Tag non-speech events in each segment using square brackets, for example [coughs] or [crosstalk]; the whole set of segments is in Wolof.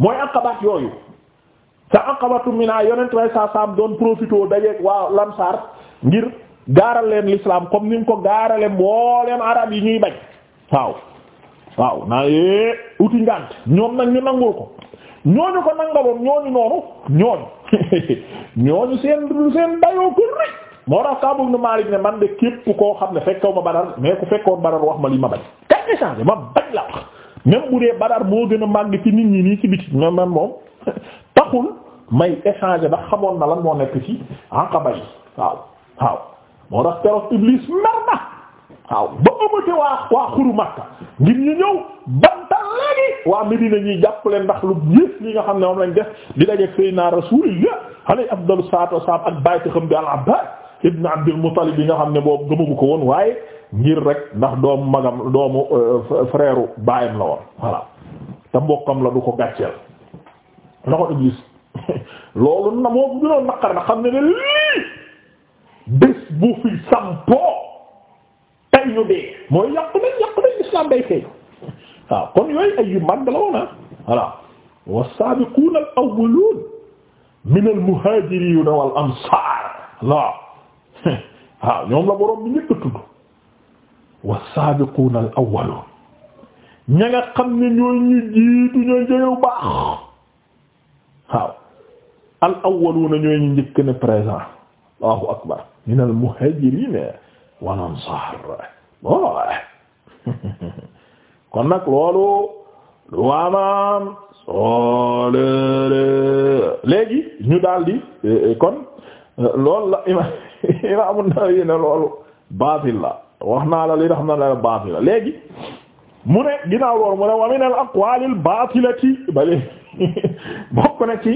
mooy akabaat yooyu sa akabatu mina yonent way sa saam doon profité dajeek waa lamsaar ngir gaaral leen lislaam comme ni ko gaarale mbooleem arab yi ñuy bañ waaw waaw naa yee uti ngànt ñoom nag ñu nangul ko ñooñu ko nangaloon ñooñu noonu ñooñu [laughs] ñooñu seen seen dayoo ko rek moo tax Kaab ibn Maalik ne man de képp koo xam ne fekkaw ma Badar mais ku fekkoon Badar wax ma li ma bañ kañ échange ma bañ la wax même bu dee badar moo gën a màgg ci nit ñi nii ci biti même même moom [laughs] taxul may échanger ndax xamoon na lan moo nekk ci Aqaba yi waaw waaw moo tax keroog Iblis mer na waaw ba ëmmate waa waa xuru Makka ngir ñu ñëw bantal léegi waa Medina ñuy jàppale ndax lu yées li nga xam ne moom lañ def di dajeek Seydina Rasulullah alayhi afdalu salaatu wassalaam ak bàyyi ci xam bi al-Abbaas ibn Abdul Muttalib yi nga xam ne boobu gëmagu ko woon waaye ngir rek ndax doomu magam doomu euh, frère baayam la woon voilà te mbokkam la du ko gàcceel na [laughs] loolu na moo gënoon naqar na xam ne ne lii bés bu fi sampoo tey ñu dee mooy yàqu nañ yàqu nañ islam day fay waaw kon yooyu ay yu mag la woon ah voilà was-sabiquna al-awwalun min al wal ansar [laughs] waaw ñoom la borom bi ñëpp tudd wassaabiquuna al awwaluun ña nga xam ne ñoo ñu jiitu ñoo jëyu baax waaw al awwaluuna ñu njëkk présent allahu akbar min al muhaajiriina wal ansaar [laughs] kon nag loolu lu waamaam soolele léegi ñu daldi eh, eh, kon eh, loolu la [laughs] imaam An-Nawawi loolu baatil la wax naa la li nga xam ne daal baatila léegi mu ne ginnaaw loolu mu ne wa min al aqwalil baatilati bale [laughs] bokk na ci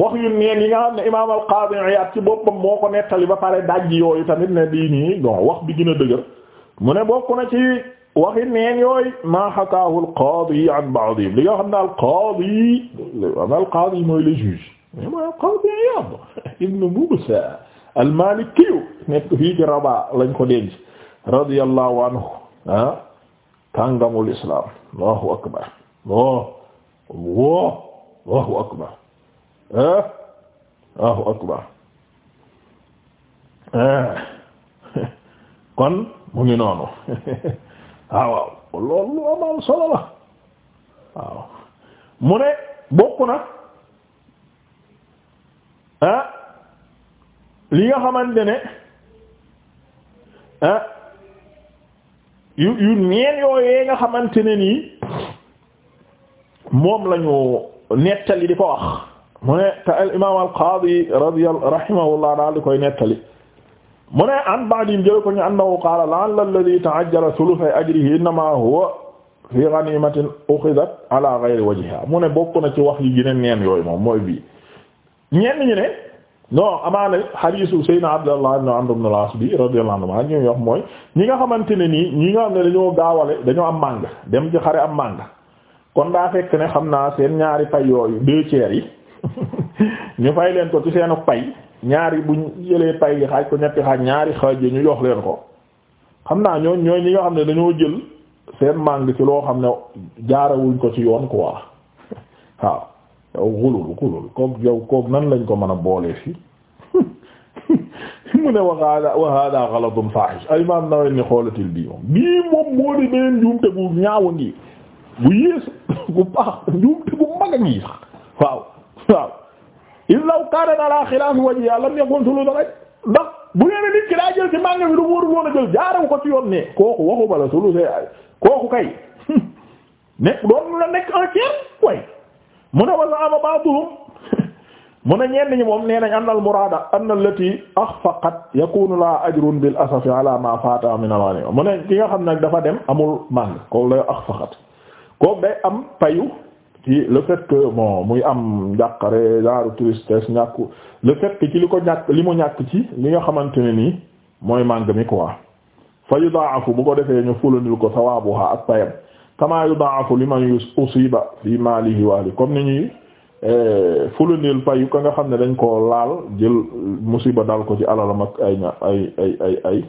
wax yu neen yi nga xam ne imaam al qaadi Iyaad ci boppam moo ko nettali ba pare dajji yooyu tamit ne di nii bon wax bi gën a dëgër mu ne bokk na ci waxi neen yooyu maa hakaahu al qaadi an ba'di li nga xam ne al qaadi am al qaadi mooy le juge mooy al qaadi Iyaad [laughs] ibn Muusaa al Maaliki nekk fii ci Rabat lañ ko denc radiyallahu anhu ah kàngamul islam allahu akbar wo oh, wo oh, allahu akbar ah allahu akbar ah, [laughs] kon mu ngi noonu [laughs] ah, waaw loolu lu amal solo la waaw mu ne bokk na ah li nga xamante ne ah yu yu neen yooyee nga xamante ne nii moom lañu nettali di ko wax mu ne te al imaam al qaadi daal di koy nettali mu ne an ba'dim jël ko ñu annahu qaala la'alla alladhi ta'ajjala thuluthay ajrihi innama huwa fi ghanimatin ukhidat ala ghayri wajhiha mu ne bokk ci wax yi gën a neen yooyu moom mooy bii ñenn ñu ne non amaana hadiisu Seydina Abdallah ibn Amr ibn al-As bi radiyallahu anhu ñuy wax mooy ñi nga xamante ne nii ñi nga xam ne dañoo gaawale dañoo am màng dem ci xare am màng kon daa fekk ne xam naa seen ñaari pay yooyu deux tiers yi [laughs] ñu fay leen ko ci seenu pay ñaari bu ñu jëlee pay yi xaaj ko ñetti xaaj ñaari xaaj yi ñu jox leen ko xam naa ñooñ ñooy ñi nga xam ne dañoo jël seen màng ci loo xam ne jaarawuñ ko ci yoon quoi [laughs] waaw yow xulul kook yow kook nan lañ ko mën a boole fi [laughs] mu ne waxaada waxaada xalatun faahish ay imaam Nawawi ni xoolatil bii moom bii moom moo di beneen njuumte gu ngi bu yées gu [laughs] baax njuumte gu mag a ngi sax waaw in law kaana ala xilaafi wajhi lam yakun sulu daraj ndax bu leen nit ki daa jël ci mànga bi lu mu warul a jël jaaraw ko ci yoon ne kooku waxu bala sulu see ay kooku kay [laughs] nekk doon la nekk un tiers way mu ne wa za'ama ba'duhum [laughs] mu ne ñenn ñi moom nee nañ anna al muraada anna allati axfaqat yakunu la ajrun bil asafi ala ma laa min al mu ne ki nga xam nag dafa dem amul màng ko la axfaqat ko day am payu ci le fait que muy am njàqare genre tristesse ñàkk le fait ci li ko ñàkk li mu ñàkk ci li nga xamante ne nii mooy màng mi quoi fa yudaafu bu ko defee ñu fulanil ko sawaabuha ak payam kama yudaafu liman usiba fi malihi wa ahli comme ni ñuy eh, fulandeel payu ka nga xam ne dañ koo laal jël musiba dal ko ci alalam ak ay ña ay ay ay ay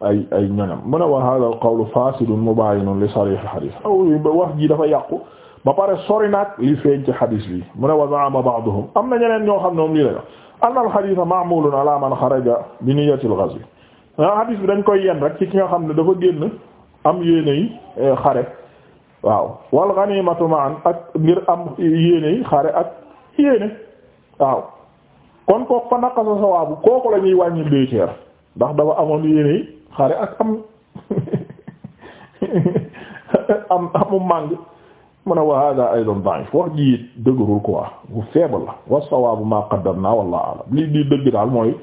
ay ay ñoñam mu ne wa hada al qawlu fasidun mubayinun li sarih al hadith aw wax ji dafa yàqu ba pare sori nag li feeñ ci hadith bi mu ne wa zaama ba'duhum am na ñeneen ñoo xam ne moom lii la anna al hadith ma'mulun ala man xaraja bi niyyati al ghazw ah, hadith bi dañ koy yen rek ci ki nga xam ne dafa génn am yéene yi eh, xare waaw wal ganimatu ma'an ak ngir am yéene xare ak yéene waaw kon kooku fa naqasa sawaabu kooku la ñuy wàññi deux ndax dafa amoon yéene xare ak am [laughs] am amum màng mu ne wa hada aidan wax ji it dëgërul quoi bu faible la wa sawaabu ma qaddarna wallahu a'lam li di dëgg daal mooy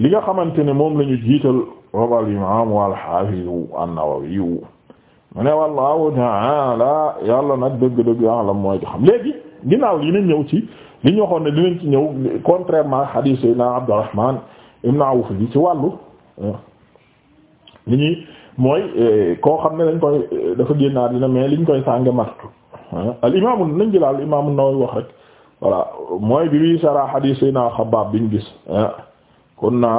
li nga xamante ne moom la ñu jiital wabal imam wal hafiz an-Nawawi mu ne wallahu la yàlla nag dëgg-dëgg la mooy ko xam léegi ginnaaw li nañ ñëw ci li ñu waxoon ne dinañ ci ñëw contrairement hadith Seydina Abdurrahman ibn Awf bi ci wàllu li ñuy mooy koo xam ne lañ koy dafa génnaar dina mais liñ koy sànge mattu al imaamu nañ jëlaal al imaamu Nawawi wax rek voilà mooy bi bi sara hadith Seydina Xabbaab biñ gis ah. kunna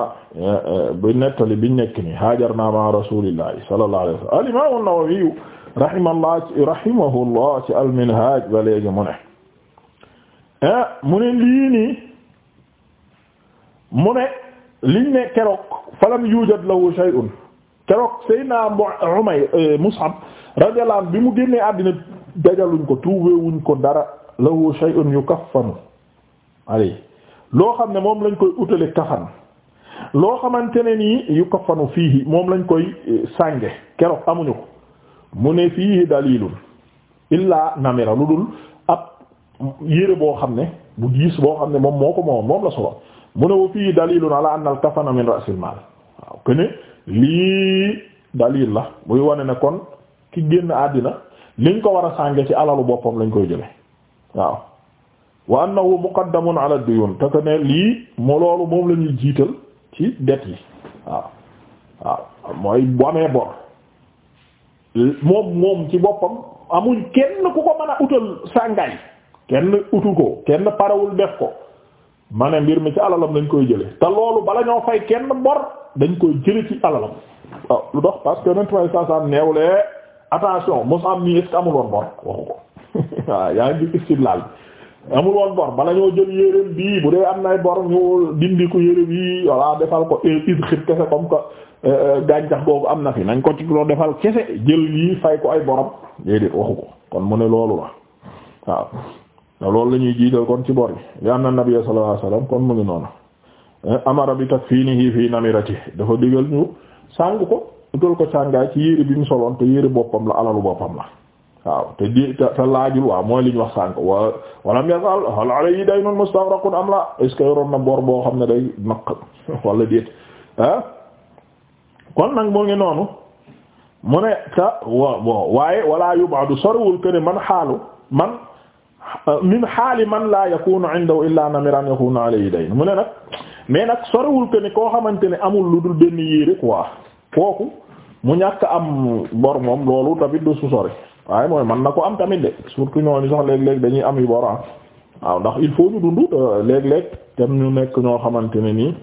bu nettali biñ nekk ni hajarna ma rasulillahi sallallahu alayhi wa sallam al imam an-Nawawi rahimahullah rahimahullah ci al-Minhaj ba léegi mu ne ah, mu ne lii nii mu ne liñ ne falam yujad lahu shay'un keroog Seydina Umay eh, Mus'ab radiyallahu anhu bi mu génnee àddina dajaluñ ko tuubewuñ ko dara lahu shay'un yukaffanu alay loo xam ne moom lañ ko utale kafan loo xamante ne nii yu kafanu fiihi moom lañ koy eh, sànge keroog amuñu ko mu ne fiihi dalilun illaa namira lu dul ab yére boo xam ne bu diis boo xam ne moom moo ko moom moom la solo mu ne wa waaw kene lii dalil la muy wane ne kon ki génn àddina liñ ko war a sànge ci alalu boppam lañ koy jële waaw wa annahu muqaddamun ala ad-duyun te que ne lii mu loolu moom la jiital ci det yi waaw waaw mooy bu amee bor moom moom ci boppam amuñ kenn ku ko mën a utal sàngaay kenn utu ko kenn parewul def ko ma ne mbir mi ci alalam dañ koy jële te loolu bala ñoo fay kenn bor dañ koy jële ci alalam waaw lu dox parce que nent may saasaan attention mos am nii est-ce bor waxu [laughs] waaw yaa ngi istidlaal bi amul woon bor bala ñoo jël yéreem bii bu dee am nay bor ñu dindi yére bi voilà defal ko e- idxib kese comme que euh, euh, gàncax googu am na fi nañ ko ci loo defal kese jël yi fay ko ay borom déedéet waxu ko kon mu ne loolu la waaw te loolu la ñuy jiital kon ci bor yi li am na nabi sallallahu alayhi wasallam kon mu ngi noonu euh, amara bi takfinihi fii namirati dafa digal ñu sàng ko utal ko càngaay ci yére bi ñu soloon te yére boppam la alalu boppam la waaw te di te laajul waaw mooy li ñu wax sànk wa walam yasal hal alayhi daynun mustaghraqun am la est ce na bor boo xam ne day naq [laughs] wala déet ah kon nag moo ngi noonu mu ne ta waaye wala yubadu sorwul que ne man xaal man min xaali man la yakunu indahu illa namiran yakunu alayhi mu ne nag mais nag sorewul que koo xamante ne amul lu dul benn yére kooku mu ñàkk am bor moom loolu tamit du su sore waaye mooy man na ko am tamit de surtout ñooñu sax léeg-léeg dañuy am yu bora waaw ndax il faut ñu dund léeg-léeg tam ñu nekk ñoo xamante ne nii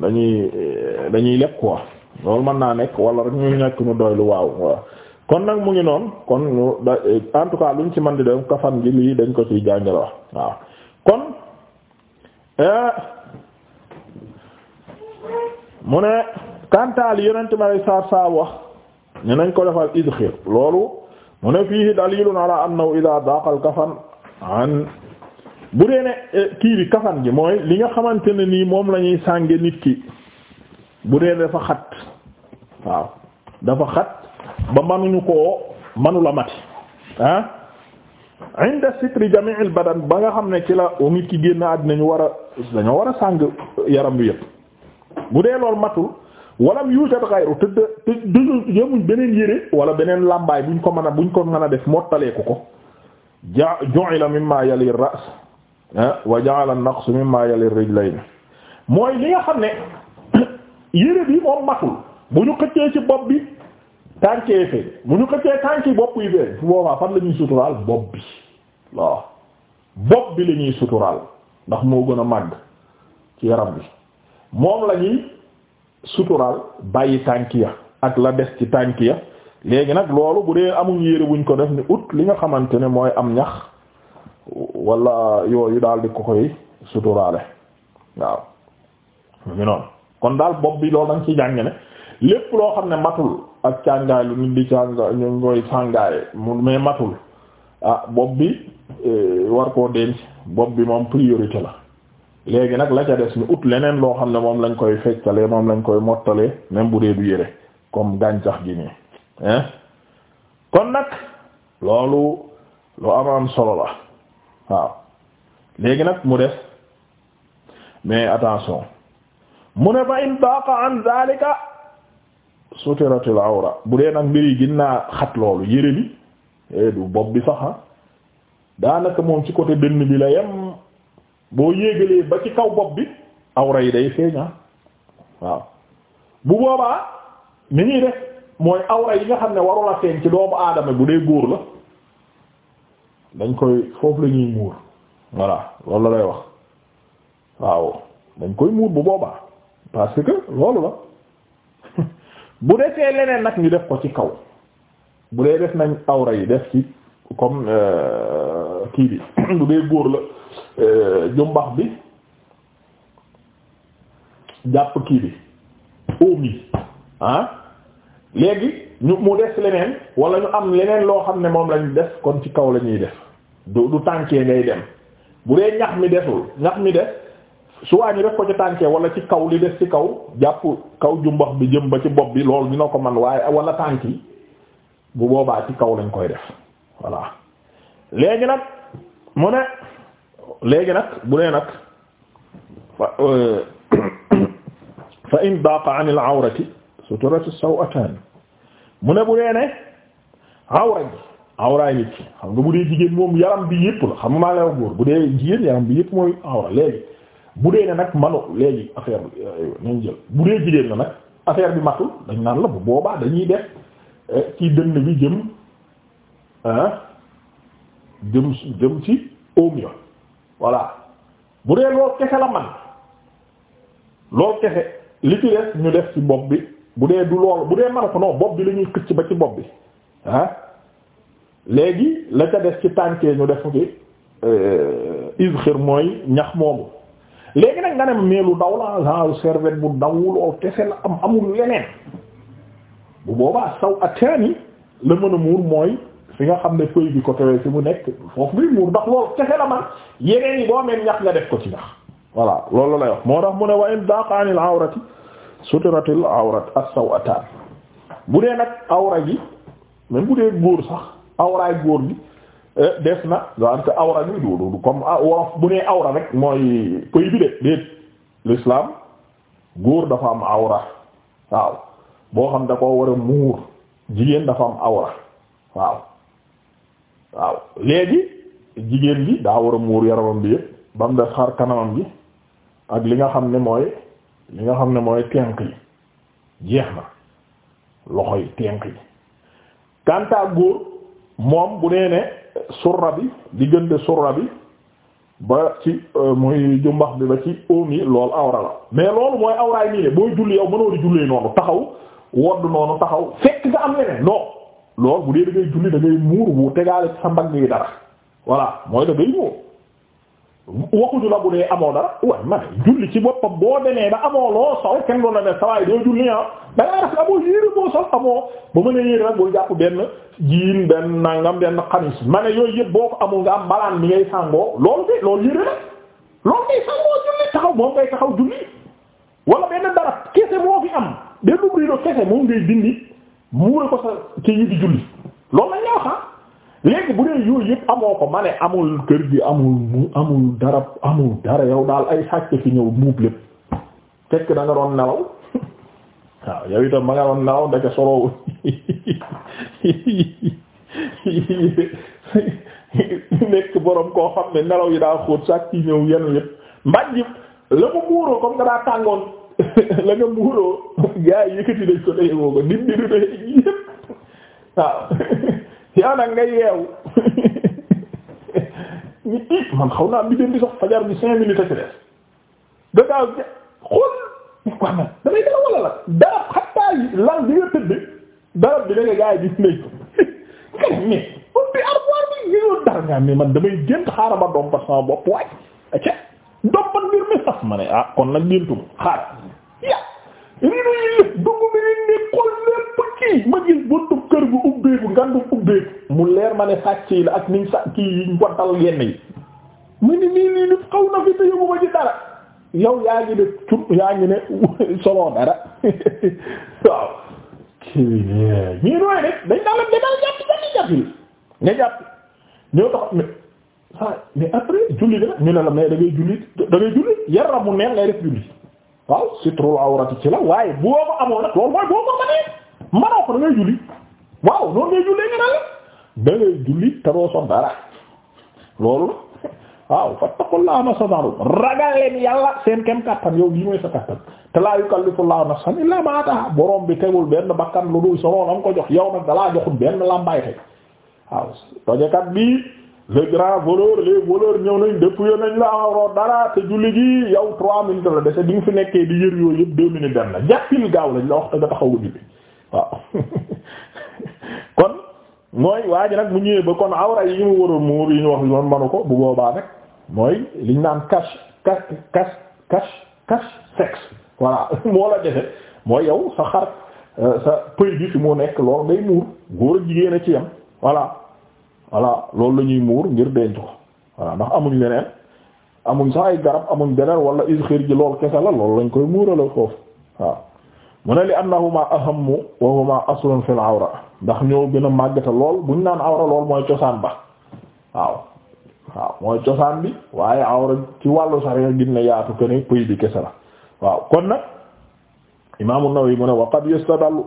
dañuy dañuy lekk quoi loolu mën naa nekk wala rek ñu nekk ñu doylu waaw kon nag mu ngi noonu kon en tout cas ñu ci mën di dem kafan gi lii dañ ko ciy jàngale wax waaw kon euh, mu ne kantaal yonent ma lay saar saa wax ñu nañ ko defal idxir loolu mu ne fiihi dalilun ala annahu ida daqa al kafan an bu dee ne eh, kii bi kafan gi mooy li nga xamante ne nii moom lañuy sànge nit ki bu dee ne dafa xat waaw dafa xat ba manuñu koo manula mati ah inda xam ne ci la nit ki génn àddina ñu war a dañoo war a sàng yaram bi yëpp bu dee loolu matul walam yujad ghayru te te te yemuñ beneen yére wala beneen làmbaay buñ ko mën a buñ ko mën a def mottaleeku ko ja ju'ila mimma yali ar-ra's wa ja'ala an-naqs mimma yali ar-rijlayn mooy li nga xam ne [coughs] yére bi moom matul bu ñu xëccee ci bopp bi tànkee feeñ bu ñu xëccee tànki bopp yi feeñ fu boobaa fan la ñuy suturaal bopp bi bopp bi lañuy ñuy suturaal ndax moo gën a màgg ci yaram bi moom lañuy suturaal bàyyi tànk ya ak la des ci tànk ya léegi nag loolu bu dee amul yére buñ ko def ni ut li nga xamante ne mooy am ñax walla yooyu daal di ko koy suturaale waaw mu noonu kon daal bopp bi loolu da nga ci jàng ne lépp loo xam ne matul ak càngaay lu nit di càngaay ñu ngoy sàngaaye mu mais matul ah bopp bi eh, war koo denc bopp bi moom priorité la léegi nag la ca des ñu ut leneen loo xam ne moom lañ koy feccalee moom lañ koy mottalee même bu dee du yére comme gàncax gi nii hein kon nag loolu lu am am solo la waaw léegi nag mu des mais attention mu ne fa in daqa an zalika sutiratil awra bu dee nag mbir gin naa xat loolu yére bi eh, du bopp bi sax ah. daanaka moom ci côté dënn bi la yem boo yéegalee ba ci kaw bopp bi awra yi day feeñaa ah waaw bu boobaa ni ñuy def mooy awra yi nga xam ne warul a feeñ ci doomu aadama bu dee góor la dañ koy foofu la ñuy muur voilà loolu la lay wax waaw dañ koy muur bu boobaa parce que loolu la [laughs] bu defee leneen nag ñu def ko ci kaw bu dee def nañ awra yi def ci comme euh, kii bi [coughs] bu dee góor la jumbax euh, bi jàpp kii bi óom yi ah. léegi ñu mu des leneen wala ñu am leneen loo xam ne moom lañ def kon ci kaw lañuy ñuy def du du tànkee ngay dem bu dee ñax mi desul ñax mi des suwaa ñu def ko ci tànkee wala ci kaw li des ci kaw jàpp kaw jumbax bi jëm ba ci bopp bi loolu dina ko man waaye wala tànk yi bu boobaa ci kaw lañ koy def voilà léegi nag mu ne léegi nag bu nee nag fa euh, [coughs] in la an al awrati suturatu sawatan mu ne bu nee ne awra ji awraay nit xam nga bu dee jigéen moom yaram bi yëpp la xam nga bu dee jigéen yaram bi yëpp mooy awra léegi bu dee ne nag manu léegi affaire bi euh, nañ jël bu dee jigéen la nag affaire bi matul dañ naan la bu boobaa dañuy def euh, ci dënn bi jëm ah jëm jëm ci oom ya voilà bu dee loolu kese la man loolu kese li ci des ñu def ci bopp bi bu dee du lool bu dee man ko non bopp bi lañuy ñuy xëcc ba ci bopp bi ah léegi la ca des ci tànkee ñu def ci euh, isxir mooy ñax moomu léegi nag nga ne mais lu daw la genre serviette bu daw lool kese la am amul leneen bu boobaa saw ataani la mën a muur mooy fi nga xam ne fëy bi côté fi mu nekk foofu ngay muur ndax loolu kese la yeneen yi boo amee ñax nga def ko ci ñax voilà loolu lay moo tax mu ne wa in daqa anil awrati sutiratil awrat as-sawataan bu dee nag awra gi même bu dee góor sax awraay góor eh, des na wante awra gi bi de déet l'islam góor dafa am awra waaw boo xam da ko war a muur jigéen dafa am awra waaw waaw léegi jigéen bi daa war a muur yaramam bi yëpp ba mu def xar kanamam bi ak li nga xam ne mooy li nga xam ne mooy tenq yi jeex na loxo yi tenq yi kanta góor moom bu nee ne surra bi diggante surra bi ba ci euh, muy jumbax bi ba ci óom lool loolu awra la mais loolu mooy awraay nii ne booy julli yow mënoo di jullee noonu taxaw wodd noonu taxaw fekk nga am leneen non lool bu dee da ngay julli da ngay muur bu tegaale ci sa mbagg yi dara voilà mooy da ngay muur waxuñu la bu dee amoo dara waaye man julli ci boppam boo demee ba amoo loo sol kenn doon la ne sawaay doo julli ah da ngaa def amoo yére boo sol amoo ba mu ne yére nag jàpp benn jiin benn nangam benn xamis ma ne yooyu yëpp boo ko amul nga am balaan bi ngay sàngoo loolu de loolu yére la loolu ngay sàngoo julli taxaw moom ngay taxaw julli wala benn muure ko sa ci yi di julli loolu lañ la ah. léegi bu dee yooyu yëpp amoo ko ma amul kër gi amul mu amul dara amul dara yow daal ay sàcc fi ñëw muub lépp fekk da nga doon nelaw [laughs] waaw yow itam nga doon nelaw ndeke solowul [laughs] nekk borom koo xam ne nelaw yi daa xóot sàcc yi ñëw yenu yëpp mbàjj la mu muuroo comme nga daa tàngoon [laughs] la nga muuroo gaa yi yëkkati dañ ko dayee woo ko nit ñi du dayee yëpp waaw [laughs] yow nag nga yeewu ñu [laughs] it man xaw naa mi dem di sax fajar bi cinq minutes a ci des da gaaw xool na damay dara wala la darab xattaa yi lan bi nga tëdd darab bi da nga gaa yi gis nañ ko nga mais on bi armoire bi ñëwoon dara nga mais man damay gént xaaral ma doom ba sama bopp waaj acca dompat mbir mi saf ma ne ah kon nag géntum xaar ya rido yi ni ne xool lépp kii ma gis buntu kër gu ubbeeku ngandum ubbeeku mu leer ma ne sàcc yi la ak niñ sa kii yiñ waddal yenn yi mu ni nii nii nit xaw na fi te dara waaw ñii nooy rek dañ daa la demal jàpp jàppi jàppi nga jàpp ñoo tax ah mais après julli de ñu ne la mais da ngay julli da ngay mu neen ngay def julli waaw sutrul awrati ci la waaye boo ko amoon nag loolu mooy boo ko mënee mënoo ko da ngay julli waaw noonu ngay jullee nga ne la da ngay te doo sonn dara loolu waaw fattaqullaha mastata'tum ragal leen yàlla seen kem kattan yow lii mooy sa kattan te laa yukallifullahu nafsan illaa maa ataahaa borom bi tegul benn bakkan lu dul am ko jox yow nag dalaa joxul benn lambaay teg waaw tojekat le grand voleur les voleurs ñëw nañ dépouillé nañ la awro dara te julli gi yow trois minutes la dese bi nga fi nekkee di yër yooyu yëpp deux minutes dem na jàppil gaaw la wax te nga taxaw a julli waaw [laughs] kon mooy waa ji nag mu ñëwee ba kon awra yi mu war a muur yi ñu wax yoon manu ko bu boobaa nag mooy liñ naan cache cache cache cache cache sexe voilà [laughs] moo la defe mooy yow sa xar euh, sa pëy bi fi moo nekk loolu ngay muur góor a jigéen a ci yam voilà voilà loolu la ñuy muur ngir denc ko voilà ndax amuñ leneen amuñ sax ay garab amuñ beneen wala isxir ji lool kese la loolu lañ koy muurala foofu waaw mu ne li annahuma ahammu wa huma aslun fil awra ndax ñoo gën a màggata lool buñ naan awra lool mooy cosaan ba waaw waaw mooy cosaan bi waaye awra ci wàllu sax gin na yaatu que ne pëy bi kese la waaw kon nag imaamu Nawawi mu ne wa qad yastadallu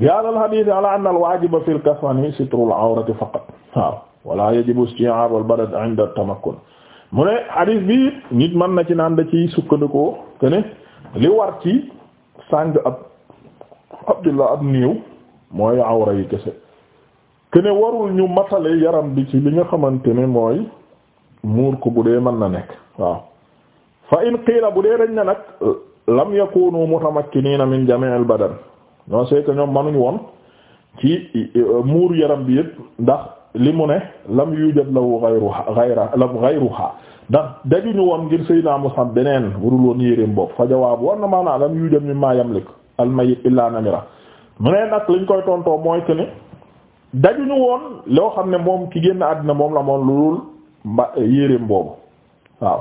bi hada alhadith ala anna alwajiba fi lkafani sitrul awrati faqat waaw wala yajibu isti'ab albalad 'inda at-tamakkun mu bi nit mën na ci naan da ciy sukkandikoo li war ci sàng ab abdullah ab néew mooy awra yi kese te warul ñu matale yaram bi ci li nga xamante ne mooy muur ko bu dee mën na nekk waaw fa in qiila bu dee dañ na nag lam yakunu mutamakkiniina min jami'il badan non c'est que ñoom manuñu woon ci euh, muur yaram bi ndax li mu ne lam yujad lahu ghayruha ghayra lam ghayruha ndax dajuñu woon ngir Seydina Musab beneen warul woon yéreem bopp fa jawaab war na maanaam lam yujad mimma yamlik al mayyit illa namira mu ne nag liñ koy tontoo mooy que ni dajuñu woon loo xam ne moom ki génn àddina moom la moom lu dul mba yéreem boobu waaw.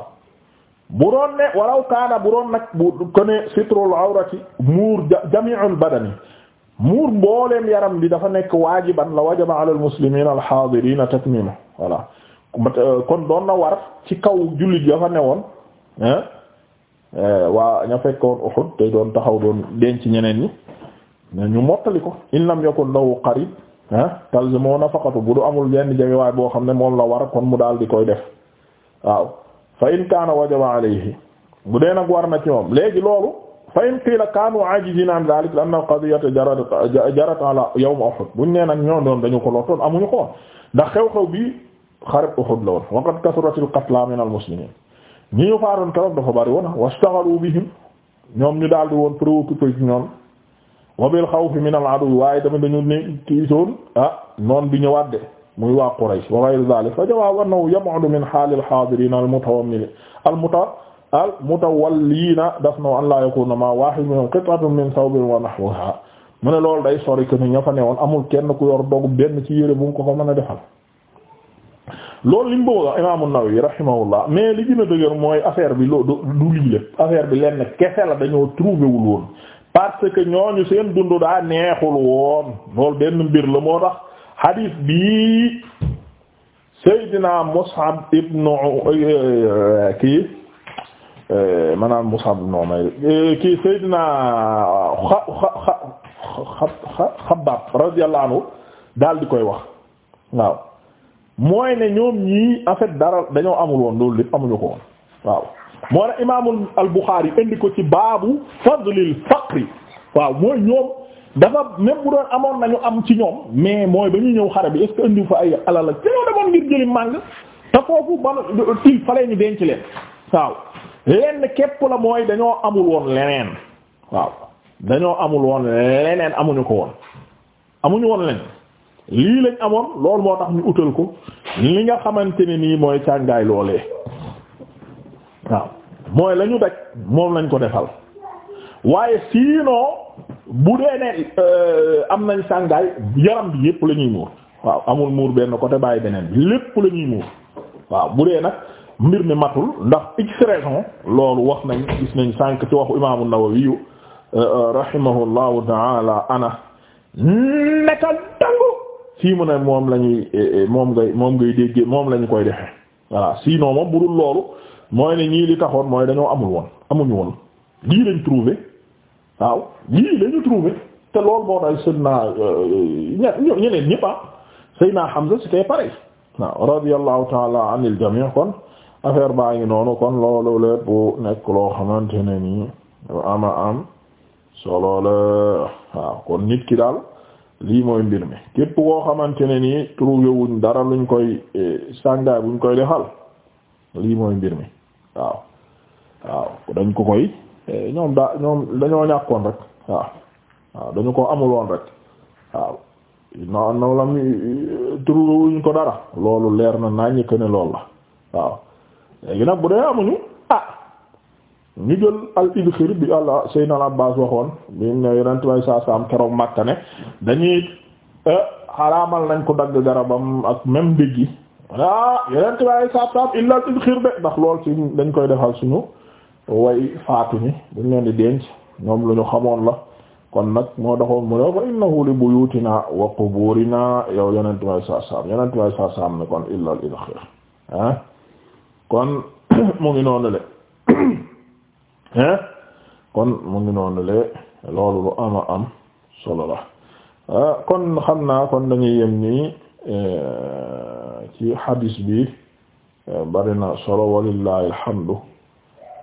bu doon ne walaw kaana bu doon nag bu ko ne sitrul awrati muur jami'ul badani muur mbooleem yaram bi dafa nekk waajiban la wajaba ala al muslimin al hadirin tatmimu voilà kon doon na war ci kaw jullit dafa ne woon eh, waa ña fekkoon Uhud te doon taxaw doon denc ñeneen yi ñu mottali ko in lam yakun lahu qarib talzimu nafaqatu bu du amul benn jege boo xam ne moom la war kon mu daal di koy def waaw fa in kaana wajaba alayhi bu dee nag war na ci moom léegi loolu fa in qiila kaanu aajizina an dalik li anna al-qadiyata jarat jarat ala yawm Uhud buñ nee nag ñoo doon dañu ko lottoon amuñu ko ndax xew-xew bi xareb Uhud la woon wa qad kasratil qatla min al-muslimin ñi ñu faaroon keroog dafa bari woon wa wastaghalu bihim ñoom ñu daal di woon préoccupé ci ñoom wa bil xawfi min al-aduw waaye tamit dañu ne tiitoon ah noon bi ñëwaat de muy waa Quraysh wa ghayr dhalik fa jawaab annahu yab'adu min mu al-haadirin al-mutawammilin al-muta la yakuna ma wahid minhum qit'atun min thawbin wa nahwaha mu ne loolu day sori ña fa ne woon amul kenn ku yor dogu benn ci yére bu mu ko mën a defal loolu li mu bëgg Imaam an mais li gën a dëgër mooy affaire bi loo du lii lépp bi lenn kese la dañoo trouvé wul woon parce que ñooñu seen dund daa neexul woon loolu benn mbir la moo tax. hadis bi Seydina Mus'ab ibn kii maanaam Mus'ab ibn Umayr kii Seydina xa xa xa xa Xabbaab radiyallahu anhu daal di koy wax waaw mooy ne ñoom ñii en fait dara dañoo amul woon loolu lépp amuñu ko woon waaw moo ne imaamul al Buxaari indi ko ci baabu fadlil faqri waaw mooy ñoom. dafa même bu doon amoon nañu am ci ñoom mais mooy ba ñuy ñëw xare bi est-ce que indi fa ay alal ak ci demoon ngir jëli màng te foofu ba il fallait ñu denc leen waaw lenn képp la mooy dañoo amul woon leneen waaw dañoo amul woon leneen amuñu ko woon amuñu woon leneen lii lañ amoon loolu moo tax ñu utal ko li nga xamante ne nii mooy càngaay loolee waaw mooy lañu daj moom lañ ko defal waaye sinon bu dee ne euh, am nañ sàngaay yaram bi yépp lañuy ñuy muur waaw amul muur benn côté bàyyi beneen bi lépp la ñuy muur waaw bu dee nag mbir mi matul ndax x loolu wax nañ gis nañ sànk ci waxu imaamu Nawawi euh, euh, rahimahullahu taala ana neka dangu fii mu ne moom la ñuy eh, eh, moom ngay moom ngay déggee moom la ñu koy defee voilà sinon moom budul loolu mooy ne ñii li taxoon mooy dañoo amul woon amuñu woon lii lañ trouvé waaw yii lañu trouvé te loolu moo tax Seydina euh, ñeneen ñëpp ah Seydina Hamza c'était pareil waaw radiyallahu ta'ala anil jami' kon affaire baa ngi noonu kon loolu lépp nekk loo xamante ne nii ama am solo la waaw kon nit ki daal liimoy mooy mbir mi képp koo xamante ne nii wuñ dara luñ koy eh, sàngaay buñ koy defal lii mooy mbir mi waaw waaw dañ ko koy Eh, ñoom daa ñoom dañoo ñàkkoon rek waaw waaw dañu ko amuloon rek waaw no no lam eh, trouvéwuñ ko dara loolu leer na naa ñëkk ne loolu la waaw léegi nag bu dee amuñu ah ñu jël al idxir bi àlla Seydina al Abbas waxoon bi ne yonent way saa saam keroog Makka ne dañuy eh, xaraamal nañ ko dagg garabam ak même ndéggi ah yonent way saa saam illa al ndax lool ci dañ koy defal suñu way faatu ñi buñ leen di denc ñoom lu ñu xamoon la kon nag moo taxoon mu ne fa innahu li buyutina wa quburina yow yonent way saa saam yonent way saa saam ne kon illa al idxir ah. [coughs] [coughs] ah. kon mu ngi noonu le loolu lu ama am solo la ah, kon xam naa kon dañuy yem nii eh, ci hadis bi eh, bari na solo walillahi alhamdu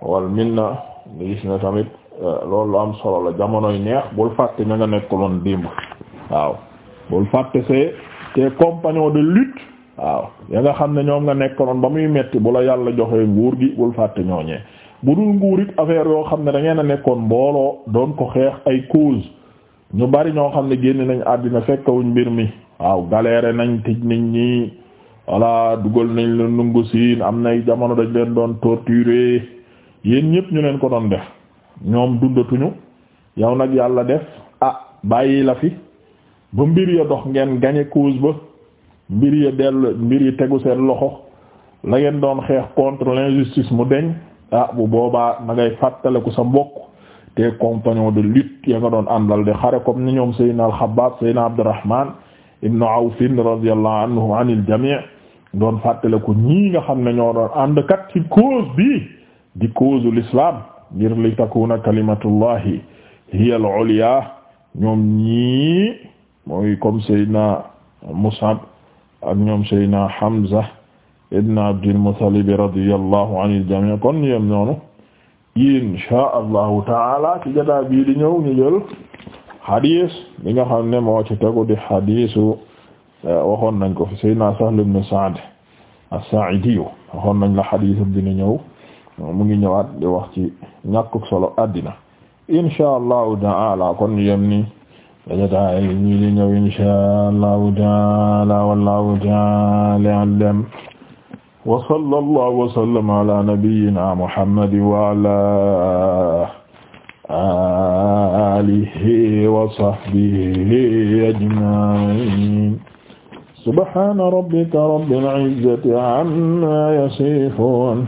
wal minna nga gis ne tamit euh, loolu am solo la jamonoy neex bul fàtte ña nga nekkuloon démb waaw bul fàtte c'est tes compagnons de lutte waaw ya nga xam ne ñoom nga nekkuloon ba muy metti bu la yàlla joxee nguur gi bul fàtte ñooñee bu dul nguur it affaire yoo xam ne dangeen ngeen a nekkoon mbooloo doon ko xeex ay cause ñu bari ñoo xam ne génn nañ àddina fekkawuñ mbir mi waaw galère nañ tëj nit ñi voilà dugal nañ leen nungu siin am nay jamono dañ leen doon torturer yéen ñëpp ñu leen ko doon def ñoom dundatuñu yow nag yàlla def ah bàyyi la fi ba mbir ya dox ngeen gañe cause ba mbir ya dell mbir yi tegu seen loxo la ngeen doon xeex contre l'injustice mu deñ ah bu boobaa na ngay fàttaliku sa mbokk te compagnon de lutte ya nga doon àndal de xare comme ni ñoom Seydina al-Xabbaab Seydina Abdurrahman ibnu Awfin radiyallahu anhu anil jami' doon fàttaliku ñii nga xam ne ñoo doon ànd kat ci cause bi di cause l'islam ngir li takuna kalimatullahi hiya al-ulya ñoom ñii mooy comme Seydina Mus'ab ak ñoom Seydina Hamza ibn Abdil Muttalib radiyallahu anil jami' kon ñoom noonu insha allahu taala ci jotaay bii di ñëw ñu jël hadis li nga xam ne moo ci tegu di hadisu eh, waxoon nañ ko fi Seydina Sahl ibn Sa'd as-Sa'idi waxoon nañ la hadis bi di mu ngi ñëwaat di wax ci ñàkkuk solo addina insha allahu taala kon yem ni dajata ay ñi di ñëw insha allahu taala wallahu taala alam wa sallallahu wa sallama ala nabiyyina muhammad wa ala alihi wa sahbihi ajma'in subhana rabbika rabbil izzati amma yasifun